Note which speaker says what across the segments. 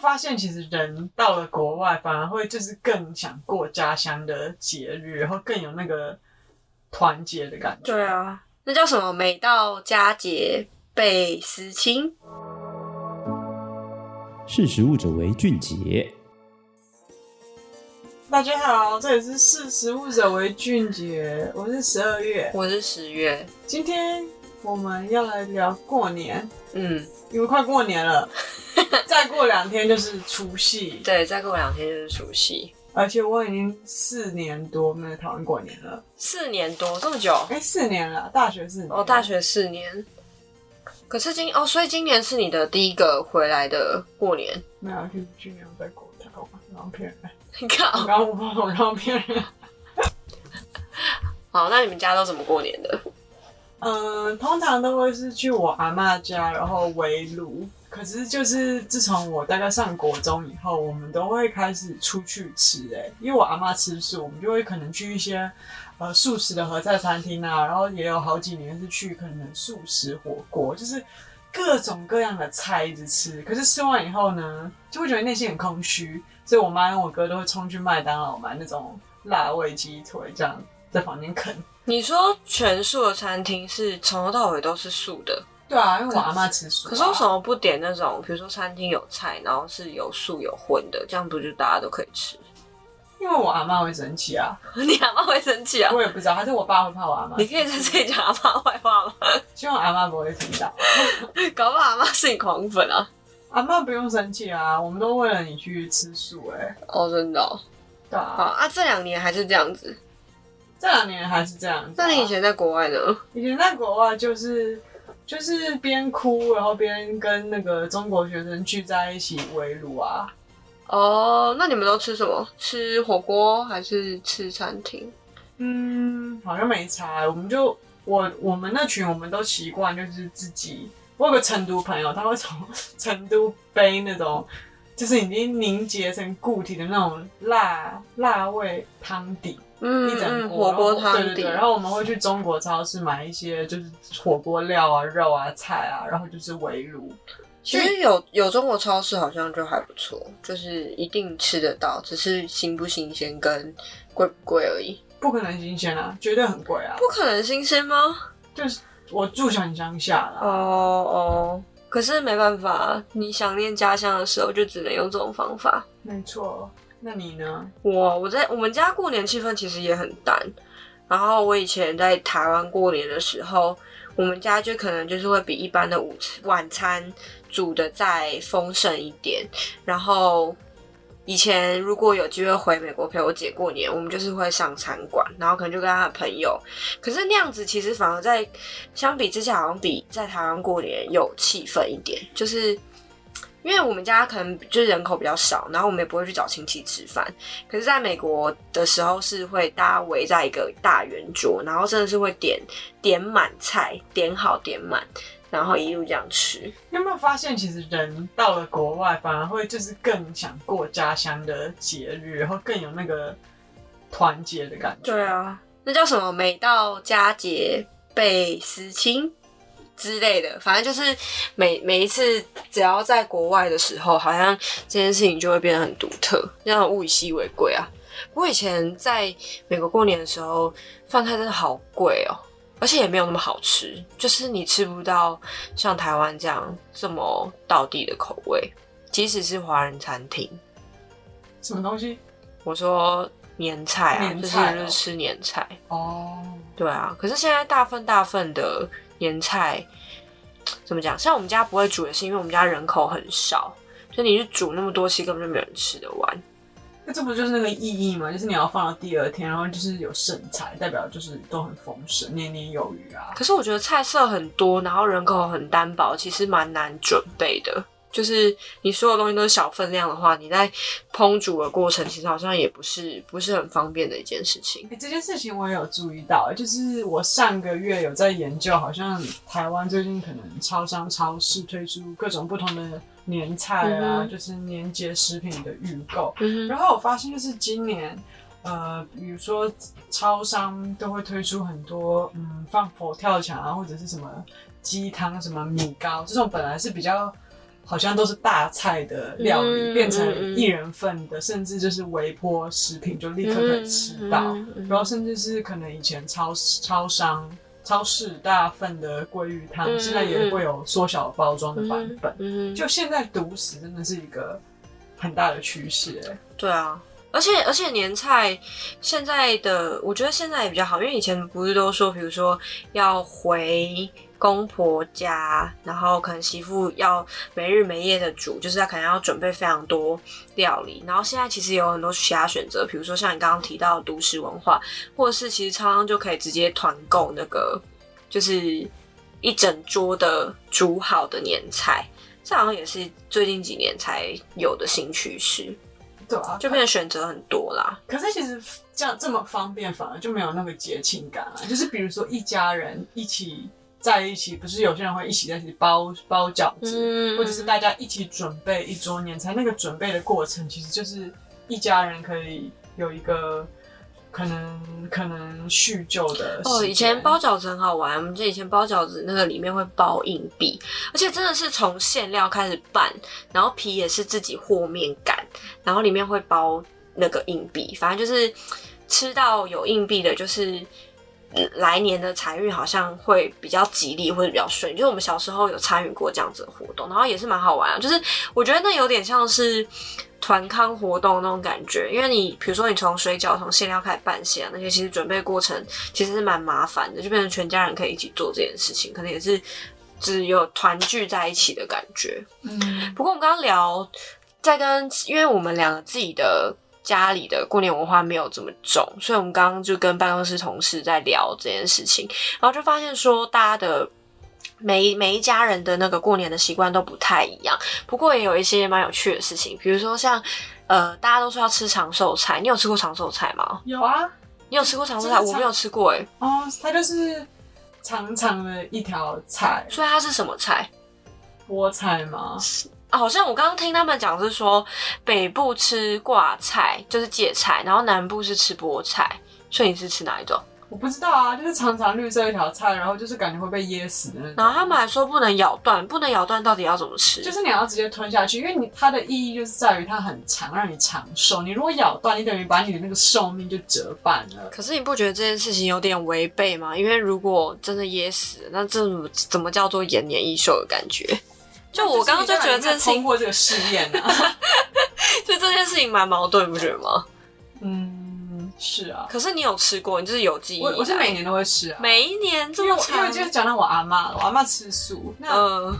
Speaker 1: 發現其實人到了國外，反而會就是更想過家鄉的節日，然後更有那個團結的感覺。
Speaker 2: 對啊，那叫什麼？每到佳節倍思親。
Speaker 1: 識食物者為俊傑。
Speaker 2: 大家好，這裡是識
Speaker 1: 食物者為俊傑，我是食餓月，我是食月，今天我們要來聊過年，嗯，因為快過年了。 再過兩天就是除夕，對，再過兩天就是除夕。而且我已經四年多沒有台灣過年
Speaker 2: 了，四年多這麼久？哎、欸，四年了，大學四年。哦，大學四年。可是今哦，所以今年是你的第一個回來的過年。那
Speaker 1: 要今去那邊再過年。灣照片。你看，剛剛我拍到照
Speaker 2: 片。 好，那你們家都怎麼過年的？
Speaker 1: 嗯，通常都會是去我阿嬤家，然後圍爐。可是就是自從我大概上國中以後，我們都會開始出去吃哎、欸，因為我阿嬤吃素，我們就會可能去一些呃素食的合菜餐廳啊，然後也有好幾年是去可能素食火鍋，就是各種各樣的菜一直吃。可是吃完以後呢，就會覺得內心很空虛，所以我媽跟我哥都會衝去麥當勞買那種辣味雞腿這樣。在
Speaker 2: 房間啃。你說全素的餐廳是從頭到尾都是素的？對啊，因為我阿媽吃素，啊。可是我為什麼不點那種？比如說餐廳有菜，然後是有素有葷的，這樣不就大家都可以吃？因為我阿媽會生氣啊！ 你阿媽會生氣啊？我也不知道，還是我爸會怕我阿媽？你可以在這裡講阿媽壞話嗎？
Speaker 1: 希望阿媽不會聽到。 搞不好阿媽是你狂粉啊！阿媽不用生氣啊，我們都為了你去吃素
Speaker 2: 哎，欸。哦，真的，哦？對啊。好啊，這兩年還是這樣子。
Speaker 1: 這兩年還是這樣
Speaker 2: 子啊。那你以前在國外呢？以前在國外就是，
Speaker 1: 就是邊哭，然後邊跟那個中國學生聚在一起圍爐啊。
Speaker 2: 哦，那你們都吃什麼？吃火鍋還是吃餐廳？嗯，
Speaker 1: 好像沒差。我們就我我們那群我們都習慣就是自己。我有個成都朋友，他會從成都背那種，就是已經凝結成固體的那種辣辣味湯底。
Speaker 2: 嗯，一整鍋，火鍋湯、嗯、底。然後,對對對，然後我們會
Speaker 1: 去中國超市買一些就是火鍋料啊、肉啊、菜啊，然後就是圍爐。
Speaker 2: 其實有、嗯、有中國超市好像就還不錯，就是一定吃得到，只是新不新鮮跟貴不貴而已。不可能新鮮啊，絕對很貴啊。不可能新鮮嗎？就是我住在鄉下啦。哦哦，可是沒辦法，你想念家鄉的時候就只能用這種方法。沒錯。那你呢？我我在我們家過年氣氛，其實也很淡。然後我以前在台灣過年的時候，我們家就可能就是會比一般的午晚餐煮的再豐盛一點。然後以前如果有機會回美國陪我姐過年，我們就是會上餐館，然後可能就跟她的朋友。可是那樣子其實反而在相比之下，好像比在台灣過年有氣氛一點，就是。因為我們家可能就是人口比較少，然後我們也不會去找親戚吃飯。可是在美國的時候，是會大家圍在一個大圓桌，然後真的是會點點滿菜，點好點滿，然後一路這樣吃。
Speaker 1: 你有沒有發現，其實人到了國外，反而會就是更想過家鄉的節日，然後更有那個團結的感
Speaker 2: 覺。對啊，那叫什麼？每到佳節倍思親。之類的，反正就是每每一次只要在國外的時候，好像這件事情就會變得很獨特，那種物以稀為貴啊。不過以前在美國過年的時候，飯菜真的好貴哦、喔，而且也沒有那麼好吃，就是你吃不到像台灣這樣這麼道地的口味，即使是華人餐廳。什麼東西？我說年菜啊，年菜喔就是、就是吃年菜哦。對啊，可是現在大份大份的。年菜怎麼講？像我們家不會煮，也是因為我們家人口很少，所以你去煮那麼多，其實根本就沒有人吃得完。
Speaker 1: 那這不就是那個意義嗎？就是你要放到第二天，然後就是有剩菜，代表就是都很豐盛，年年有餘
Speaker 2: 啊。可是我覺得菜色很多，然後人口很單薄，其實蠻難準備的。就是你所有東西都是小分量，的話，你在烹煮的過程其實好像也不是不是很方便的一件事情。
Speaker 1: 欸、這件事情我也有注意到，就是我上個月有在研究，好像台灣最近可能超商超市推出各種不同的年菜啊，嗯、就是年節食品的預購、嗯。然後我發現就是今年，呃，比如說超商都會推出很多，嗯，放佛跳牆啊，或者是什麼雞湯、什麼米糕這種，本來是比較。好像都是大菜的料理，嗯、變成一人份的，嗯嗯，甚至就是微波食品就立刻可以吃到，嗯嗯嗯，然後甚至是可能以前超超商超市大份的鮭魚湯，嗯、現在也會有縮小包裝的版本。嗯嗯嗯，就現在，獨食真的是一個很大的趨勢哎。
Speaker 2: 對啊，而且而且年菜現在的我覺得現在也比較好，因為以前不是都說，比如說要回。公婆家，然後可能媳婦要沒日沒夜的煮，就是她可能要準備非常多料理。然後現在其實有很多其他選擇，比如說像你剛剛提到的獨食文化，或者是其實超商就可以直接團購那個，就是一整桌的煮好的年菜。這好像也是最近幾年才有的新趨勢，對啊，就變得選擇很多啦，
Speaker 1: 啊。可是其實這樣這麼方便，反而就沒有那麼節慶感啊。就是比如說一家人一起。在一起不是有些人會一起在一起包包餃子、嗯，或者是大家一起準備一桌年菜、嗯。那個準備的過程其實就是一家人可以有一個可能可能敘舊的。哦，以前
Speaker 2: 包餃子很好玩。我們這以前包餃子，那個裡面會包硬幣，而且真的是從餡料開始拌，然後皮也是自己和麵擀，然後裡面會包那個硬幣。反正就是吃到有硬幣的，就是。來年的財運好像會比較吉利，或者比較順。就是我們小時候有參與過這樣子的活動，然後也是蠻好玩啊。就是我覺得那有點像是團康活動那種感覺，因為你比如說你從水餃從餡料開始拌餡啊，那些其實準備過程其實是蠻麻煩的，就變成全家人可以一起做這件事情，可能也是只有團聚在一起的感覺。嗯，不過我們剛剛聊在跟，因為我們兩個自己的。家裡的過年文化沒有這麼重，所以我們剛剛就跟辦公室同事在聊這件事情，然後就發現說大家的每每一家人的那個過年的習慣都不太一樣。不過也有一些蠻有趣的事情，比如說像呃，大家都說要吃長壽菜，你有吃過長壽菜嗎？
Speaker 1: 有啊，你有吃過長壽菜長？我沒有吃過哎、欸。哦，它就是長長的一條
Speaker 2: 菜。所以它是什麼菜？菠菜嗎？啊，好像我剛剛聽他們講是說，北部吃掛菜就是芥菜，然後南部是吃菠菜，所以你是吃哪一種？
Speaker 1: 我不知道啊，就是長長綠色一條菜，然後就是感覺會被噎死。然
Speaker 2: 後他們還說不能咬斷，不能咬斷，到底要怎麼吃？就是你要直接吞下去，因為你它的意義
Speaker 1: 就是在於它很長，讓你長壽。你如果咬斷，你等於把你的那個壽命就折半了。
Speaker 2: 可是你不覺得這件事情有點違背嗎？因為如果真的噎死，那這怎麼，怎麼叫做延年益壽的感覺？就我剛剛就覺得這件事情，通過這個試驗呢，就這件事情蠻矛盾，不覺得嗎？嗯，是啊。可是你有吃過？你就是有記憶？我我是每年都會吃啊。每一年這麼因為就是講到我阿嬤，我阿
Speaker 1: 嬤吃素，那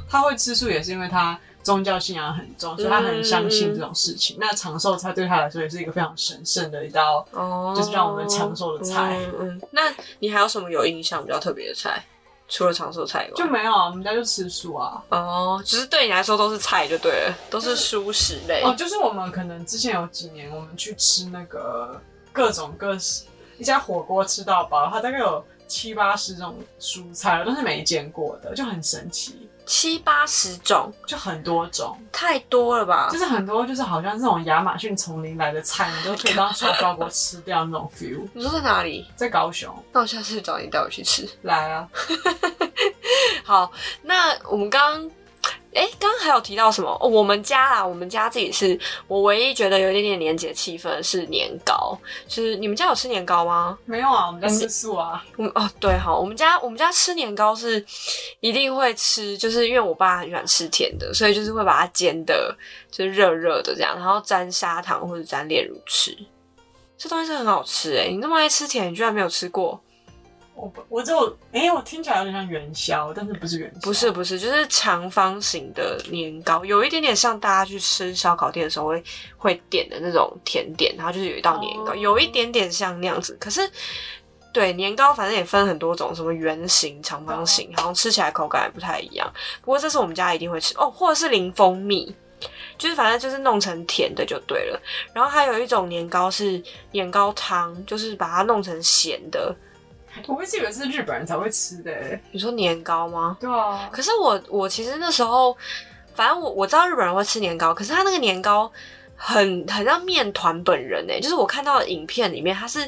Speaker 1: 她、嗯、會吃素也是因為她宗教信仰很重，所以她很相信這種事情。嗯、那長壽菜對她來說也是一個非常神聖的一道，哦，就是讓我們長壽的
Speaker 2: 菜。嗯，那你還有什麼有印象比較特別的菜？除了長壽菜以外，就沒有啊。我們家就吃素啊。哦，只是對你來說都是菜就對了，就是、都是蔬食類。哦，就
Speaker 1: 是我們可能之前有幾年，我們去吃那個各種各式一家火鍋吃到飽，它大概有七八十種蔬菜，都是沒見過的，就很神奇。七八十種，就很多種，
Speaker 2: 太多了吧？就是很
Speaker 1: 多，就是好像這種亞馬遜叢林來的菜，你都可以當小火鍋吃掉 那種 feel。你
Speaker 2: 說在哪裡？在高雄。那我下次找你帶我去吃。來啊！ 好，那我們剛剛。哎，剛剛還有提到什麼、哦？我們家啦，我們家自己是我唯一覺得有點點年節氣氛的是年糕，就是你們家有吃年糕嗎？沒有啊，
Speaker 1: 我們家吃素啊。嗯，
Speaker 2: 哦，對哈、哦，我們家我們家吃年糕是一定會吃，就是因為我爸很喜歡吃甜的，所以就是會把它煎的，就是熱熱的這樣，然後沾砂糖或者沾煉乳吃。這東西是很好吃哎、欸，你那麼愛吃甜，你居然沒有吃過。我我這種，哎、欸，我聽起來有點像元宵，但是不是元宵？不是不是，就是長方形的年糕，有一點點像大家去吃燒烤店的時候會會點的那種甜點，然後就是有一道年糕，oh. 有一點點像那樣子。可是，對，年糕反正也分很多種，什麼圓形、長方形，oh. 然後吃起來口感也不太一樣。不過這是我們家一定會吃哦，oh, 或者是淋蜂蜜，就是反正就是弄成甜的就對了。然後還有一種年糕是年糕湯，就是把它弄成鹹的。
Speaker 1: 我會記得是日本人才會吃的、
Speaker 2: 欸。你說年糕嗎？對啊。可是我我其實那時候，反正我我知道日本人會吃年糕，可是他那個年糕很很像面糰本人呢、欸。就是我看到的影片裡面，它是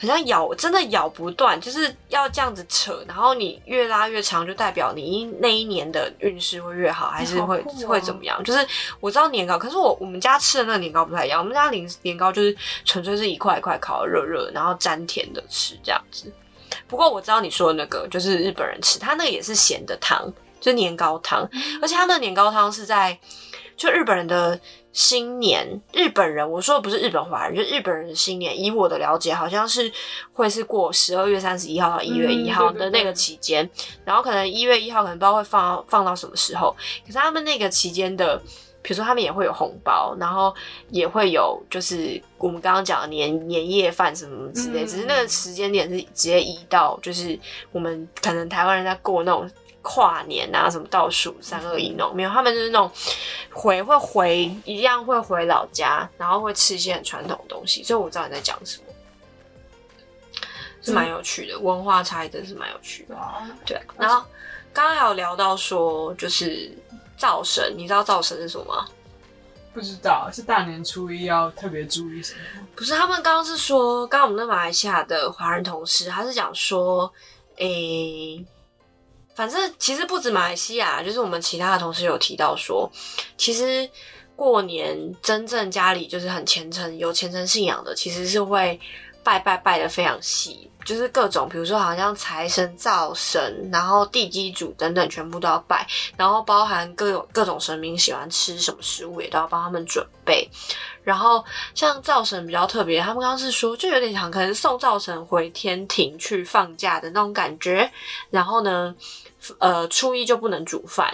Speaker 2: 很像咬，真的咬不斷，就是要這樣子扯，然後你越拉越長，就代表你那一年的運勢會越好，還是會、欸啊、會怎麼樣？就是我知道年糕，可是我我們家吃的那個年糕不太一樣，我們家年年糕就是純粹是一塊一塊烤熱熱，然後沾甜的吃這樣子。不過我知道你說的那個就是日本人吃，他那個也是鹹的湯，就是年糕湯，而且他們的年糕湯是在就日本人的新年，日本人我說的不是日本華人，就日本人的新年。以我的了解，好像是會是過十二月三十一號到一月一號的那個期間、嗯，然後可能一月一號可能不知道會放放到什麼時候，可是他們那個期間的。比如說他們也會有紅包，然後也會有，就是我們剛剛講的年年夜飯什麼之類，只是那個時間點是直接移到，就是我們可能台灣人在過那種跨年啊什麼倒數三二一那種，沒有，他們就是那種回會回一樣會回老家，然後會吃一些很傳統的東西，所以我知道你在講什麼，是蠻有趣的，文化差異真的是蠻有趣的，對啊。然後剛剛有聊到說，就是。灶神，你知道灶神是什麼嗎？不知
Speaker 1: 道，是大年初一要特別注意什麼？
Speaker 2: 不是，他們剛剛是說，剛剛我們的馬來西亞的華人同事，他是講說，誒、欸，反正其實不止馬來西亞，就是我們其他的同事有提到說，其實過年真正家裡就是很虔誠、有虔誠信仰的，其實是會。拜拜拜的非常細，就是各種，比如說好像財神、灶神，然後地基主等等，全部都要拜，然後包含各種各種神明喜歡吃什麼食物，也都要幫他們準備。然後像灶神比較特別，他們剛剛是說，就有點像可能送灶神回天庭去放假的那種感覺。然後呢，呃，初一就不能煮飯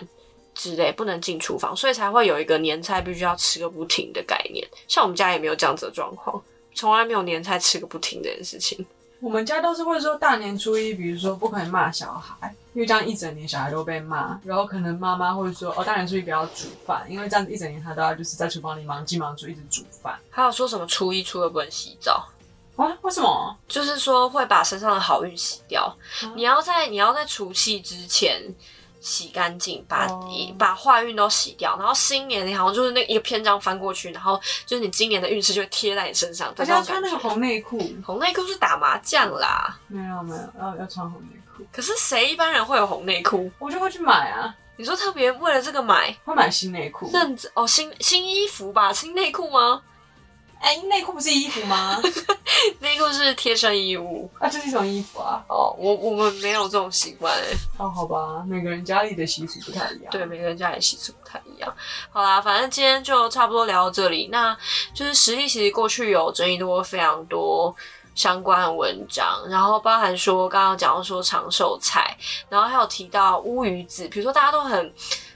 Speaker 2: 之類，不能進廚房，所以才會有一個年菜必須要吃個不停的概念。像我們家也沒有這樣子的狀況。從來沒有年菜吃個不停這件事情，
Speaker 1: 我們家都是會說大年初一，比如說不可以罵小孩，因為這樣一整年小孩都被罵。然後可能媽媽會說哦，大年初一不要煮飯，因為這樣子一整年他都要就是在廚房裡忙進忙出，一直煮飯。
Speaker 2: 還有說什麼初一初二不能洗澡啊？為什麼？就是說會把身上的好運洗掉。啊？你要在你要在除夕之前。洗乾淨，把把壞運都洗掉，oh. 然後新年你好像就是那個一個篇章翻過去，然後就是你今年的運勢就會貼在你身上。大家要穿那
Speaker 1: 個紅內褲，紅內褲
Speaker 2: 是打麻將啦。沒有
Speaker 1: 沒有，要要穿
Speaker 2: 紅內褲。可是誰一般人會有紅內褲？我就會去買啊。你說特別為了這個買，會買新內褲？甚至哦，新新衣服吧？新內褲嗎？哎、欸，內褲不是衣服嗎？內 褲是貼身衣物。啊，這是一種衣服啊？哦、oh,，我我們沒有這種習慣哦，oh, 好吧，每個人家裡的習俗不太一樣。對，每個人家裡習俗不太一樣。好啦，反正今天就差不多聊到這裡。那就是食力其實過去有整理過非常多相關的文章，然後包含說剛剛講到說長壽菜，然後還有提到烏魚子，比如說大家都很。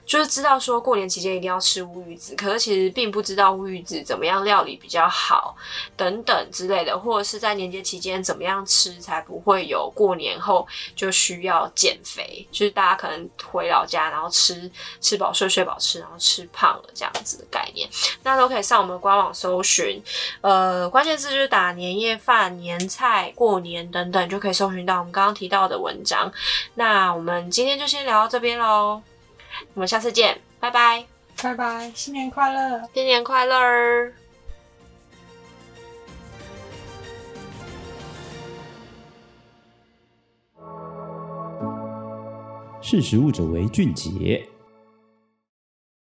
Speaker 2: 就是知道說過年期間一定要吃烏魚子，可是其實並不知道烏魚子怎麼樣料理比較好，等等之類的，或者是在年節期間怎麼樣吃才不會有過年後就需要減肥，就是大家可能回老家然後吃吃飽睡睡飽吃，然後吃胖了這樣子的概念，那都可以上我們的官網搜尋，呃，關鍵字就是打年夜飯、年菜、過年等等，就可以搜尋到我們剛剛提到的文章。那我們今天就先聊到這邊嘍。我們下次見，拜拜，拜拜，新年快樂，新年快樂。
Speaker 1: 識食物者為俊傑。